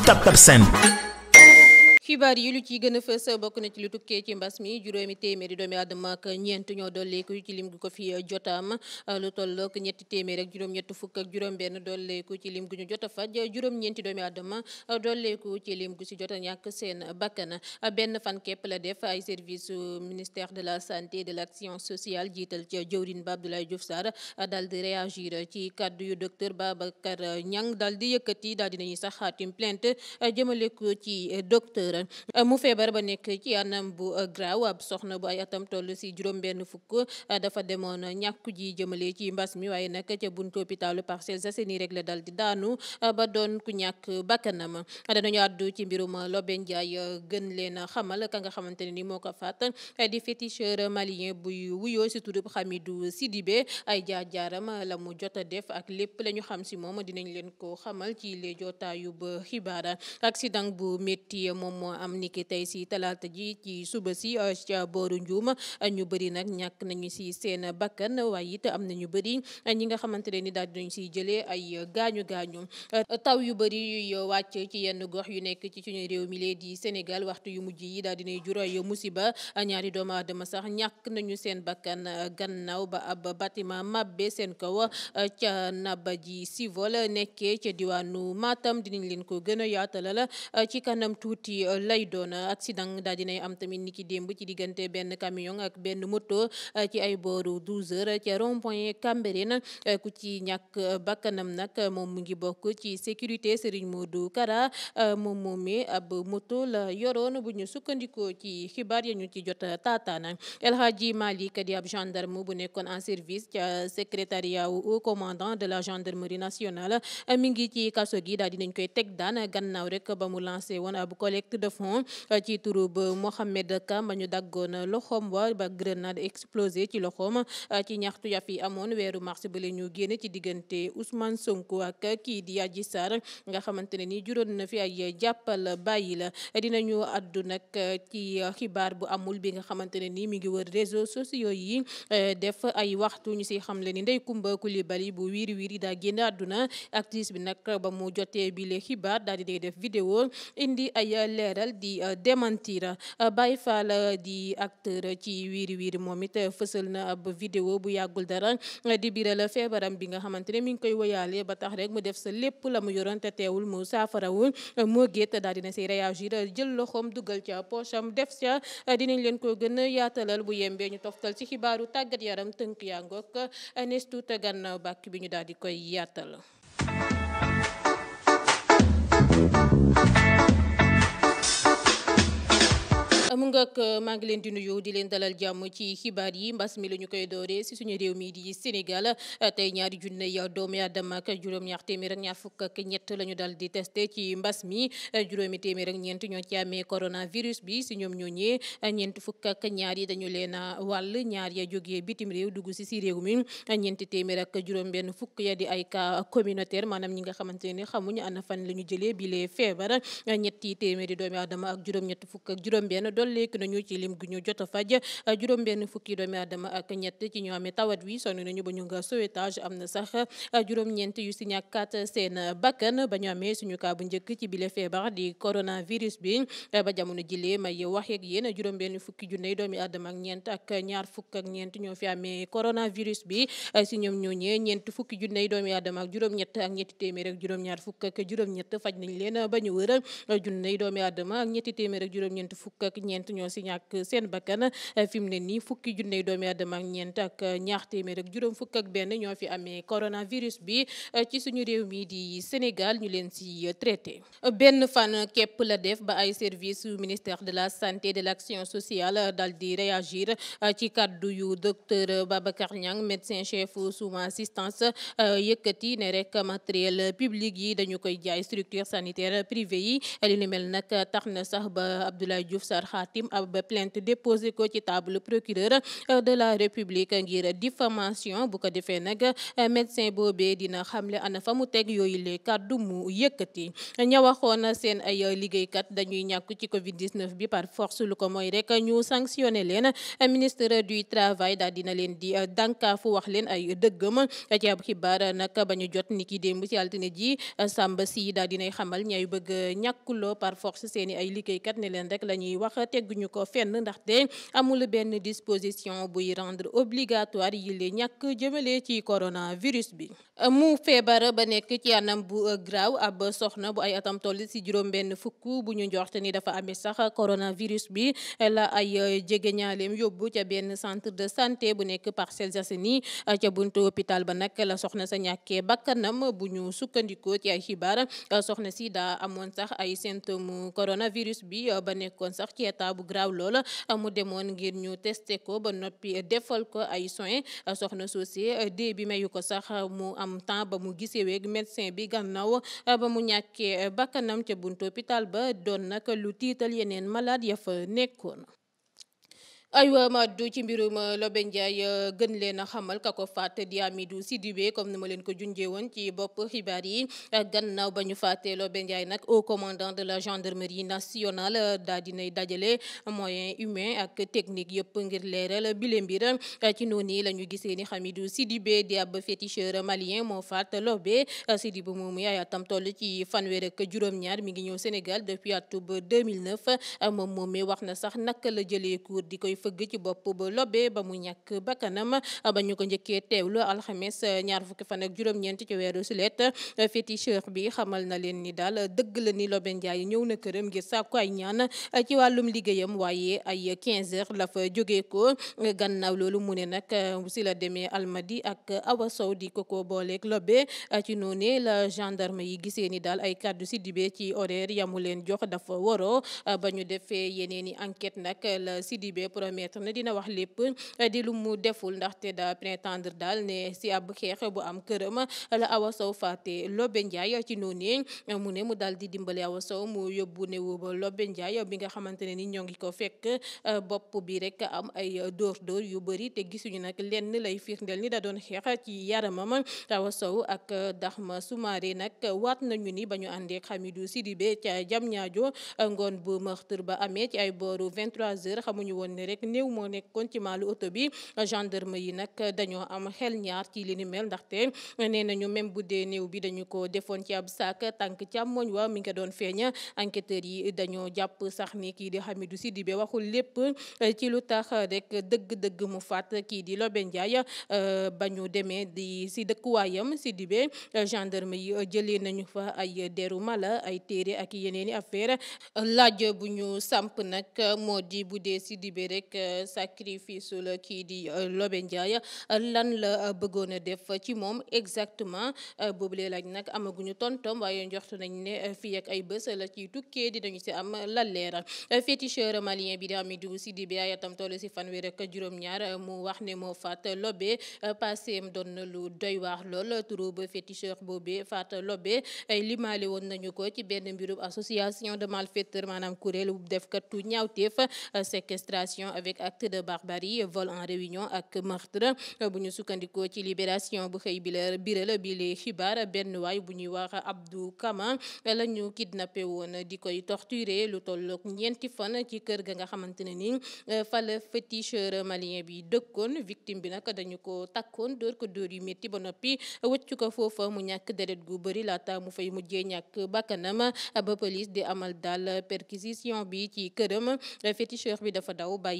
ci Tab Tab xibaar yi lu ciy gën a bokk na ci lu tukkee ci mbas mi juróomi téeméeri doomi aadama ak ñeent ñoo dolleeku ci lim gu ko fi jotaam lu tollook ñetti téeméer ak juróom-ñett fukk ak juróom-benn dolleeku ci lim gu ñu jot a faj juróom-ñeenti doomi aadama dolleeku ci lim gu ci jot a ñàkk seen bakkan benn fan képp la def ay service ministère de la santé de l' action sociale jiital ci jëwrin ba Abdoulaye Diouf Sarr dal di réagir ci kàddu yu docteur Babacar Niang daal di yëkkati daal dinañuy sax xaatim plainte jëmale ko ci docteur. leen euh, mu feebar ba nekk ci anam bu euh, graw ab soxna bu ay atam toll si juróom benn fukk euh, dafa demoon ñàkku ji jëmale ci mbas mi waaye nag ca buntu hôpitalu Parcelles Assainies rek la dal di daanu ba doon ku ñàkk bakkanam danañu àddu ci mbirum Lobé Ndiaye gën leen xamal ka nga xamante ne ni moo ko faat di féticheur malien buy wuyoo si turub Hamidou Sidibé ay jaar-jaaram la mu jot a def ak lépp la xam si moom dinañ leen ko xamal ci les jotaayu moo am niki tey si talaata ji ci suba si euh, ca booru njuuma ñu bëri nag ñàkk nañu si seen bakkan waaye it am na ñu bëri ñi nga xamante ne ni daal dinañ siy jëlee ay gaañu gaañu taw yu bëri yuy wàcc ci yenn gox yu nekk ci suñu réew mi lee di Sénégal waxtu yu mujj yi daal dinay juróoy musiba ñaari doomu aadama sax ñàkk nañu seen bakkan gannaaw ba ab bâtiment mabbe seen kaw ca naba ji sivol nekkee ca diwaanu Matam dinañ leen ko gën a yaatalal ci kanam tuuti lay doon accident daa dinay am tamit niki démb ci diggante benn camion ak benn moto ci ay booru 12 heures ci rond point Cambérène ku ci ñàkk bakkanam nag moom mu ngi bokk ci sécurité Serigne Modou Kara moom moomee ab moto la yoroon bu ñu sukkandikoo ci xibaar ya ñu ci jot taataana El Hadji Malick di ab gendarme bu nekkoon en service ca secrétariat au commandant de la gendarmerie nationale mi ngi ci kaso gi koy teg daan gannaaw rek ba mu de fonds ci turub Mohamed Kamba ñu daggoon loxoom wa ba grenade explosé ci loxoom ci ñaxtu ya fi amoon weeru mars ba la ñu génne ci diggante Ousmane sonk ak kii di Adji Sarr nga xamante ne ni juróon na fi ay jàppal bàyyi la dinañu addu nag ci xibaar bu amul bi nga xamante ne ni mi ngi wër réseaux sociaux yi eh, def ay waxtu ñu si xam le ni Ndeye Comba Coulibaly bu wiiri wiiri daa génn adduna actrice bi nag ba mu jotee bi le xibaar daal di def vidéo indi ay dal di euh, démentir euh, Baye Fall euh, di acteur ci wiiri wiiri moom it fësal na ab vidéo bu yàggul dara di biral feebaram bi nga xamante ne mi ngi koy woyaale ba tax rek mu def sa lépp la mu yoroon te teewul mu saafarawul moo géet daal dina say réagir jël loxoom dugal ca poche am def ca dinañ leen ko gën a yaatalal bu yembee ñu toftal ci xibaaru tàggat yaram tënk yaa ngoog nees tuuta gànnaaw bàkk bi ñu daal di koy yaatal ak euh, maa ngi leen di nuyu di leen dalal jàmm ci xibaar yi mbas mi la ñu koy dooree si suñu réew mi di Sénégal tey ñaari junne ya doomi aadama ak juróom-ñaar téeméer ak ñaar fukk la ñu dal di testé ci mbas mi juróomi téeméer ak ñeent ñoo ci amee coronavirus bi si ñoom ñoo ñee ñeent fukk ak ñaar yi dañu leen a wàll ñaar ya jógee bitim réew dugg si si réew mi ñeenti téeméer ak juróom-benn fukk ya di ay cas communautaire maanaam ñi nga xamante ne xamuñu ana fan la ñu jëlee bi lee feebar ñetti téeméeri doomi aadama ak juróom-ñett fukk ak juróom-benn dolli fekk nañu ci lim gu ñu jot a faj euh, juróom benn fukki doomi aadama ak ñett ci ñu amee tawat wi sonn nañu ba ñu nga sauvetage am na sax euh, juróom ñeent yu si ñàkkaat seen bakkan ba ñu amee suñu kaa bu njëkk ci bile feebar di coronavirus bi euh, ba jamono jilee may wax ak yéen juróom benn fukki junney doomi aadama ak ñeent fukk ak ñeent ñoo fi amee coronavirus bi si ñoom ñooñee ñeent fukki junney doomi aadama ak juróom-ñett ak ñetti téeméer ak juróom-ñaar fukk ak juróom-ñett faj nañ leen ba ñu wër junney doomi aadama ak ñetti téeméer ak juróom-ñeent ñoo si ñàkk seen bakkan eh, fi mu ne nii fukki junne doomi aadama ak ñeent ak eh, ñaar téeméer ak juróom fukk ak benn ñoo fi amee coronavirus bi eh, ci suñu réew mii di Sénégal ñu leen si traité. benn fan képp la def ba ay service ministère de la santé de l' action sociale dal di réagir ci kàddu yu docteur Babacar Niang médecin chef suma assistance yëkkati ne rek matériel public yi dañu koy jaay structure sanitaire privé yi li mel nag tax na sax ba Abdoulaye Diouf Sarr ab plainte déposé ko ci table procureur euh, de la république ngir diffamation bu ko defee nag euh, médecin boobe dina xamle ana fa mu teg yooyu le kaddu mu yëkkati ña waxoon seen ay liggéeykat dañuy ñàkk ci covid 19 bi par force lu ko mooy rek ñu sanctionné leen ministre du travail daal dina leen di euh, dànkaafu wax leen ay dëggam ci ab xibaar nag ba ñu jot ni ki démb ci altine ji Samba si daal dinay xamal ñay bëgg ñàkkuloo par force seeni ay liggéeykat gisuñu ko fenn ndaxte amul benn disposition buy rendre obligatoire yi le ñàkk jëmale ci coronavirus bi. mu feebar ba nekk ci anam bu euh, graw ab soxna bu ay atam toll si juróom-benn fukk bu ñu njort ni dafa amee sax coronavirus bi la ay euh, jegeñaaleem yóbbu ca benn centre de santé bu nekk Parcelles Assainies euh, ca buntu hôpital ba nag la soxna sa ñàkkee bakkanam bu ñu sukkandikoo ci ay xibaar soxna si daa amoon sax ay symptômes coronavirus bi ba nekkoon sax ci état bu graaw lool mu demoon ngir ñu teste ko ba noppi defal ko ay soins soxna Socé dée bi mayu ko sax mu am temps ba mu gisee weeg médecin bi gannaaw ba mu ñàkkee bakkanam ca buntu hôpital ba doon nag lu tiital yeneen malade ya fa nekkoon. aywa Madou ci mbirum euh, Lobe Ndiaye euh, gën leen a xamal ka ko faat di Amidou Sidibé comme ni ma leen ko junjee woon ci bopp xibaar yi euh, gannaaw ba ñu faatee Lobe Ndiaye nag au commandant de la gendarmerie nationale daa dinay dajale moyen humain ak technique yëpp ngir leeral bile mbir ci noonu la ñu gisee ni Amidou Sidibé di ab féticheur malien moo faat Lobe Sidibé moomu yaay atam toll ci fanweer ak juróom-ñaar mi ngi ñëw Sénégal depuis atub 2009 moom moomee wax na sax naka la jëlee fëgg ci bopp ba lobee ba mu ñàkk bakkanam ba ñu ko njëkkee teewlu alxames eh, ñaar fukki fan ak juróom-ñeent ci weeru sulet eh, féticheur bi xamal na leen ni daal dëgg la ni Lobe Ndiaye ñëw na këram ngir sàkku ay ñaan eh, ci wàllum liggéeyam waaye ay 15 heures la fa jógee ko gannaaw loolu mu ne nag si la demee almadi ak Awa Sow di ko ko booleeg Lobe ci noonu la gendarme yi gisee ni daal ay kàddu si dibe ci horaire yamu leen jox dafa waroo ba ñu defee yeneen i promettre ne dina wax lépp eh, di lu mu deful ndaxte da prétendre daal ne si ab xeex bu am këram la Awa Sow faate Lobe Ndiaye ci noonu eh, mu ne mu daal di dimbale Awa Sow mu yóbbu ne wu ba Lobe Ndiaye bi nga xamante ne ni ñoo ngi ko fekk eh, bopp bi rek am ay dóor dóor yu bëri te gisuñu nag lenn lay firndeel ni da doon xeex ci yaramam Awa Sow ak Dahma Soumaré nag waat nañu ni ba ñu àndee Hamidou Sidibé ca Diamniadio ngoon bu meurtre ba amee ci ay booru 23h xamuñu rek néew moo nekkoon ci maalu oto bi gendarme yi nag dañoo am xel ñaar ci li mel ndaxte nee nañu même bu dee néew bi dañu ko defoon ci ab saak tànk càmmoñ wa mi ngi doon feeña enquêteurs yi dañoo jàpp sax ni kii di Hamidou Sidibé waxul lépp ci lu tax rek dëgg-dëgg mu faat kii di Lobé Ndiaye euh, ba ñu demee di si dëkkuwaayam Sidibé gendarme yi jëlee nañu fa ay deru mala ay téere ak yeneen i affaire laaj bu ñu samp nag moo di bu dee Sidibé rek teg euh, sacrifice la kii di euh, Lobe Ndiaye euh, lan la bëggoon a def ci moom exactement boobule laaj nag amaguñu tontom waaye njort nañ ne fii ak ay bés la ciy tukkee dinañu si am lan leeral féticheur malien bi di Amidou Sidibé ayatam toll si fan fanweer rek juróom-ñaar mu wax ne moo faat Lobe passeem doon na lu doy waax lool turub féticheur boobe faat Lobe limaale woon nañu ko ci benn mbirum association de malfaiteurs maanaam kuréelu defkatu ñaawteef séquestration avec acte de barbarie vol en réunion ak meurtre bu ñu sukkandikoo ci libération bu xëy bi biral bi le xibaar benn waay bu ñuy wax Abdou Kama la ñu kidnappé woon di koy torturé lu tollook ñeenti fan ci kër ga nga xamante ne ni euh, fa la féticheur malien bi dëkkoon victime bi nag dañu ko takkoon dóor ko dóor yu métti ba noppi wëccu ko foofa mu ñàkk deret gu bëri laata mu fay mujjee ñàkk bakkanam ba police di amal daal perquisition bi ci këram féticheur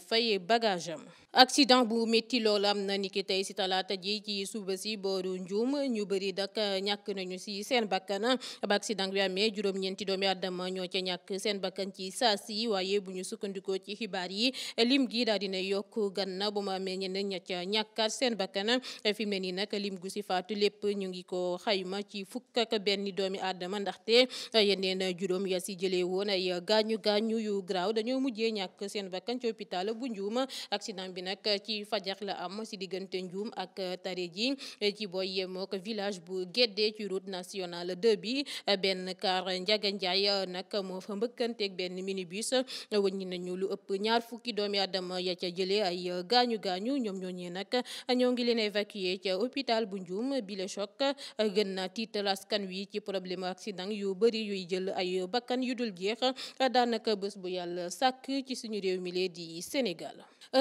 fay bagage am accident bu métti loolu am na niki tey si talaata ji ci suba si booru Ndioum ñu bari dak ñàkk nañu si seen bakkan ba accident bi amee juróom-ñeenti doomi aadama ñoo ca ñàkk seen bakkan ci saa si waaye bu ñu sukkandikoo ci xibaar yi lim gi daal dina yokk ganna bu ma amee ñeneen ña ca ñàkkaat seen bakkan fi mu ne nii nag liim gu si faatu lépp ñu ngi ko xayma ci fukk ak benn doomi adama ndaxte yeneen juróom ya si jëlee woon ay gaañu gaañu yu garaaw dañoo mujjee ñàkk seen bakkan ci hôpital hôpital bu Ndioum accident bi nag ci fajar la am si diggante Ndioum ak Tareji ci booy yemook village bu geddee ci route nationale 2 bi benn car Ndiaga Ndiaye nag moo fa mbëkkanteek benn minibus wëññi nañu lu ëpp ñaar fukki doom doomi aadama ya ca jëlee ay gaañu gaañu ñoom ñooñee nag ñoo ngi leen évacué ca hôpital bu Ndioum bile choc gën na tiital askan wi ci problème accident yu bëri yuy jël ay bakkan yu dul jeex daanaka bés bu yàlla sàkk ci suñu réew mi lee di Sénégal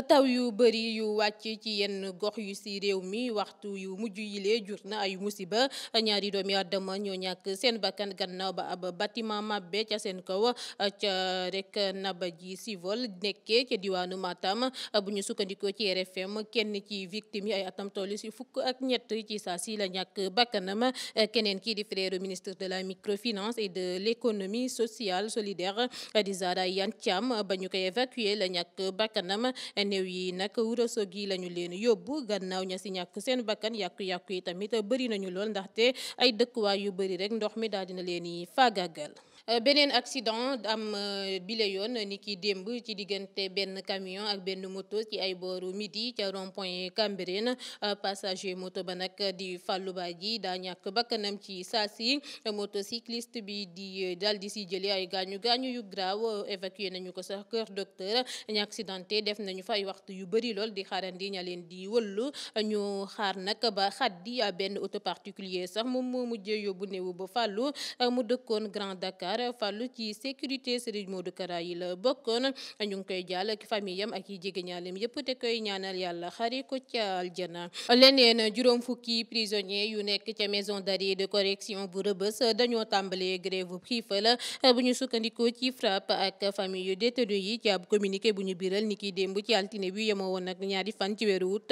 taw yu bëri yu wàcc ci yenn gox yu si réew mi waxtu yu mujj yilee jur na ay musiba ñaari doomi Adama ñoo ñàkk seen bakkan gannaaw ba ab bâtiment mabbe ca seen kaw ca rek naba ji sivol nekkee ca diwaanu Matam bu ñu sukkandikoo ci RFM kenn ci victime yi ay atam toll si fukk ak ñett ci saa si la ñàkk bakkanam keneen kii di frère ministre de la microfinance et de l'économie sociale solidaire di Zahra Iyane Thiam ba ñu koy évacuer la ñàkk bakkanam néew yi nag wuraso gi la ñu leen yóbbu gannaaw ña si ñàkk seen bakkan yàqu-yàqu yi tamit bari nañu lool ndaxte ay dëkkuwaay yu bëri rek ndox mi daal na leen i faagaagal Euh, beneen accident am euh, bile yoon euh, ni ki démb ci diggante benn camion ak benn moto ci ay booru midi ca rond cambre na passager moto ba nag di Fallou Badji daa ñàkk bakkanam ci saasi motocycliste bi di dal di si jëlee ay gaañu gaañu yu graaw évacué nañu ko sax kër docteur ñu accidenté def nañu fa waxtu yu bëri lool di xaarandi ña leen di wëllu ñu xaar nag ba xaddi benn auto particulier sax moom moo mujjee yóbbu néew ba Fallou mu dëkkoon Grand Dakar. Sarr fàllu ci sécurité Serigne Modou Kara yi la bokkoon ñu ngi koy jàll ak famille am ak yi jege ñaaleem yëpp te koy ñaanal yàlla xari ko ca aljana leneen juróom fukki prisonniers yu nekk ca maison d'arrêt de correction bu Rebeuss dañoo tàmbalee grève xiifal bu ñu sukkandikoo ci FRAPP ak famille yu détenu yi ci ab communiqué bu ñu biral ni kiy démb ci altine bi yemoo woon nag ñaari fan ci weeru wut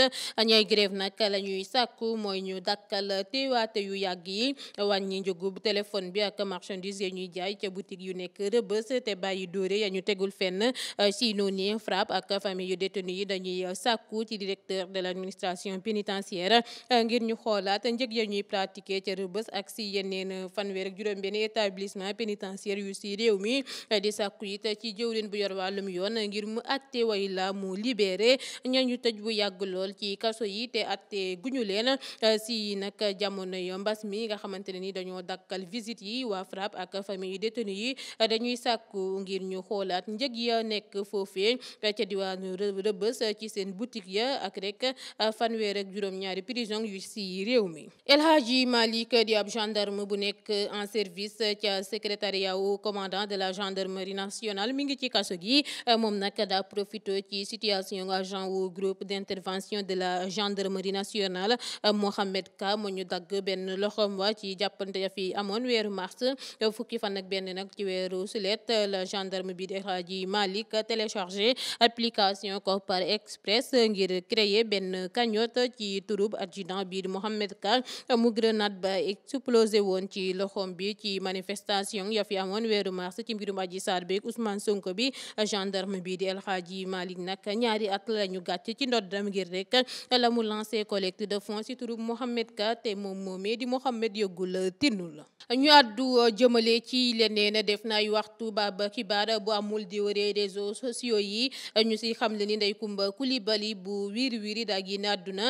ñay grève nag la ñuy sàkku mooy ñu dakkal teewaate yu yàgg yi wàññi bi ak marchandise ca boutique yu nekk rëbës te bàyyi dóore ya ñu tegul fenn euh, ci noonu frappe ak famille yu détenu yi dañuy euh, sàkku ci directeur de l'administration pénitentiaire euh, ngir ñu xoolaat njëg ya ñuy pratiquer ca rëbës ak ci yeneen fanweer ak juróom-benn établissement pénitentiaire yu ci réew mi di sàkku it ci jëwriñ bu yor wàllum yoon ngir mu atte way la mu libéré ñañu tëj bu yàgg lool ci kaso yi te atte guñu leen ci nag jamono yo mi nga xamante détenu yi dañuy sàkku ngir ñu xoolaat njëg ya nekk foofee ca diwaanu rëbës ci seen boutique ya ak rek fanweer ak juróom-ñaari prison yu si réew mi El Hadji Malick di ab gendarme bu nekk en service ca secrétariat au commandant de la gendarmerie nationale mi ngi ci kaso gi moom nag daa profité ci situation agent wu de la gendarmerie nationale Ka moo ñu dagg benn loxoom wa ci jàppante fi amoon weeru mars fukki fan benn nag ci weeru sulet la gendarme bi di Hadji Malick téléchargé application Kopar Express ngir créer benn cagnotte ci turub adjudant bi Mohamed Ka mu grenade ba explosé woon ci loxoom bi ci manifestation ya fi amoon weeru mars ci mbirum Adji Sarr beeg Ousmane Sonko bi gendarme bi di El Hadji Malick nag ñaari at la ñu gàcc ci ndoddam ngir rek la mu lancé collecte de fonds ci turub Mohamed Ka te moom moomee di Mohamed yëggul tinnu la ñu àddu jëmale quotidien nee na def nay waxtu ba xibaar bu amul di wëree réseaux sociaux yi ñu si xam le ni Ndeye Comba Coulibaly bu wiiri wiiri daa génn àdduna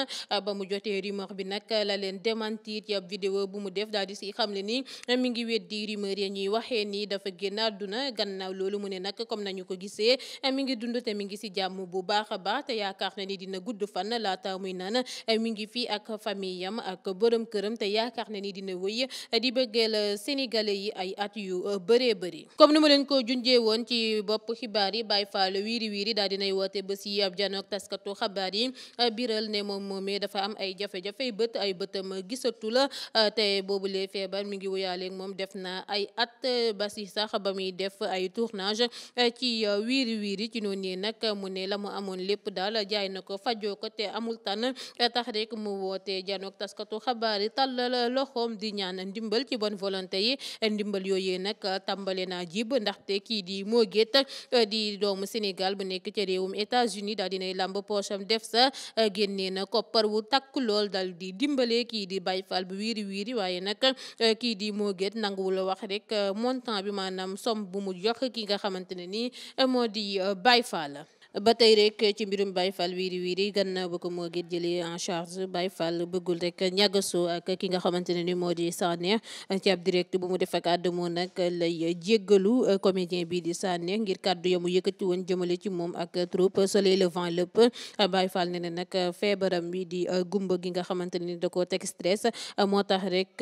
ba mu jotee rumeur bi nag la leen démentir ci ab vidéo bu mu def daal di si xam le ni mi ngi weddi rumeur ya ñuy waxee ni dafa génn àdduna gannaaw loolu mu ne nag comme nañu ko gisee mi ngi dund te mi ngi si jàmm bu baaxa a baax te yaakaar na ni dina gudd fan laata muy naan mi ngi fi ak famille am ak borom këram te yaakaar yu euh, bëree comme ni ma leen ko junjee woon ci bopp xibaar yi Baye Fall wiiri wiiri daal dinay woote ba si ab janook taskatu xabaar yi euh, biral la euh, mi ngi wuyaaleeg moom def na ay at ba si ba muy def ay tournage ci wiiri wiiri ci noonu nii nag mu la mu amoon lépp daal na ko fajoo ko te amul loxoom di ñaan ndimbal ci bonne volonté yi ndimbal yooyee nag euh, tàmbale naa jib ndaxte kii di moo euh, di doomu Sénégal bu nekk ca réewum États-Unis daal dinay làmb poche def sa euh, génnee na koppar wu takk lool dal di dimbale kii di Baye Fall bu wiiri wiiri waaye nag kii di moo gétt nanguwula wax rek montant bi maanaam somme bu mu jox ki nga xamante ne nii moo di Baye Fall ba tey rek ci mbirum bay Fall wiiri wiiri gannaaw ba ko moo git jëlee en charge bay Fall bëggul rek ñàggasoo ak ki nga xamante ne ni moo di Sanex ci ab direct bu mu def ak nag lay jéggalu comédien bii di Sanex ngir kàddu yamu yëkkati woon jëmale ci moom ak troupe Soleil Levant lépp Baye Fall ne ne nag feebaram bi di gumba gi nga xamante ni da koo teg stress moo tax rek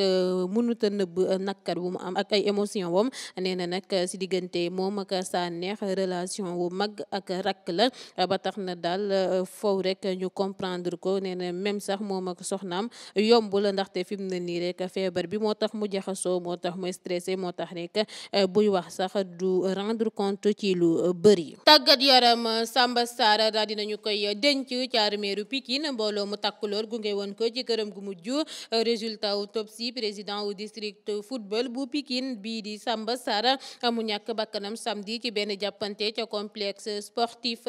mënuta nëbb nakkat bu mu am ak ay émotion wam nee na nag si diggante moom ak Sanex relation wu mag ak rakk la la tax na daal euh, foofu rek ñu comprendre ko nee na même sax moom ak soxnaam yombul la ndaxte fi mu ne nii rek feebar bi moo tax mu jaxasoo moo tax mu stressé moo tax rek euh, buy wax sax du rendre compte ci lu bëri. tàggat yaram Samba Sarr daal dinañu koy denc ci armeeru Pikine mbooloo mu takku lool gunge woon ko ci këram gu mujj résultat autopsie président wu district football bu Pikine bii di Samba Sarr amu ñàkk bakkanam samedi ci benn jàppante ca complexe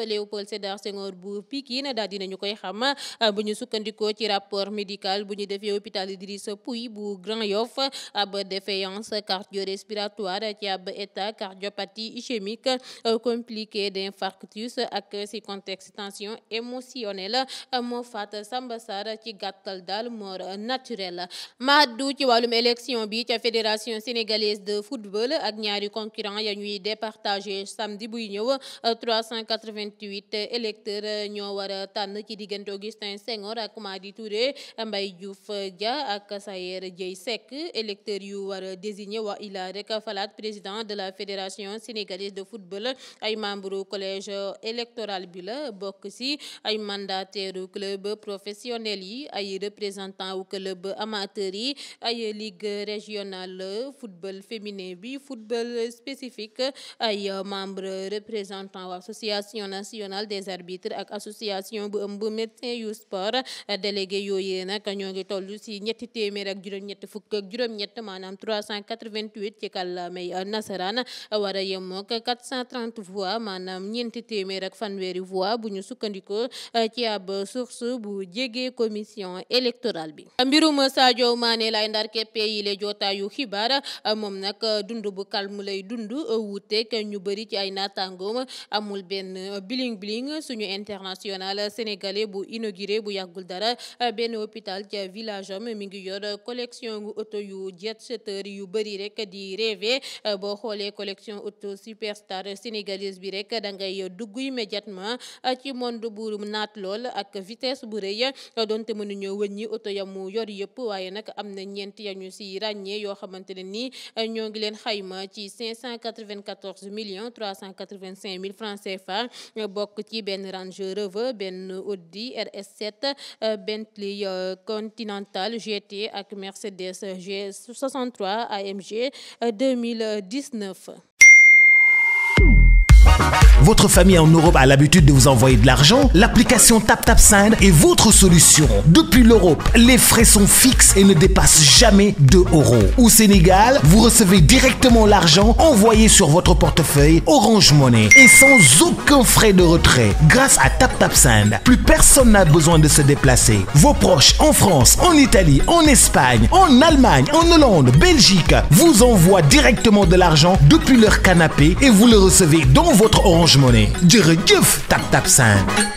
Léopold Sédar Senghor bu Pikine daal dinañu koy xam euh, bu ñu sukkandikoo ci rapport médical bu ñu defee hôpital Idrissa Pouye bu Grand Yoff ab défaillance cardio-respiratoire ci ab état cardiopathie ischémique euh, compliquée d'infarctus ak ci contexte tension émotionnelle euh, moo faat Samba Sarr ci gàttal daal mort naturelle maaddu ci wàllum élection bi ca fédération sénégalaise de football ak ñaari concurrent ya ñuy départager samedi buy ñëw 88 électeurs a tànn ci diggante Augustin Senghor ak Madi Touré Mbaye Diouf Dia ak Sayer yu war a désigner waa ila rek de la fédération sénégalaise de football ay membre collège électoral bi la bokk ci ay mandataire club professionnel yi ay représentant club amateur yi ay ligue régionale football féminin bi football spécifique ay membre représentant association national des arbitres ak association bu ëmb médecin yu sport délégué yooyee nag ñoo ngi toll si ñetti téeméer ak juróom-ñett fukk ak juróom-ñett maanaam 388 ci kàllaamay nasaraan war a yemook 430 maanaam ñeenti téeméer ak fanweeri voix bu ñu sukkandikoo ci ab source bu jege commission électorale bi mbirum Sadio Mané lay ndar keppe yi le jotaayu xibaar moom nag dund bu calme lay dund wuuteeg ñu bëri ci ay naataangoom amul benn biling biling suñu international sénégalais bu inauguré bu yàggul dara benn hôpital ca village am mi ngi yor collection gu auto yu jet setter yu bëri rek di rev boo xoolee collection auto superstar sénégalaise bi rek da ngay dugg immédiatement ci monde bu naat lool ak vitesse bu rëy donte mënuñoo wëññi auto mu yor yëpp waaye nag am na ñeent ya ñu si ràññee yoo xamante ne nii ñoo ngi leen xayma ci 594 millions 385 mille francs CFA bokk ci benn Range Rover benn Audi RS7 euh, Bentley euh, Continental GT ak Mercedes G63 AMG 2019 Votre famille en Europe a l'habitude de vous envoyer de l'argent L'application TapTapSend est votre solution. Depuis l'Europe, les frais sont fixes et ne dépassent jamais 2 euros. Au Sénégal, vous recevez directement l'argent envoyé sur votre portefeuille Orange Money et sans aucun frais de retrait. Grâce à TapTapSend, plus personne n'a besoin de se déplacer. Vos proches en France, en Italie, en Espagne, en Allemagne, en Hollande, Belgique vous envoient de l'argent depuis leur votre Orange Money jërëjëf tap tap 5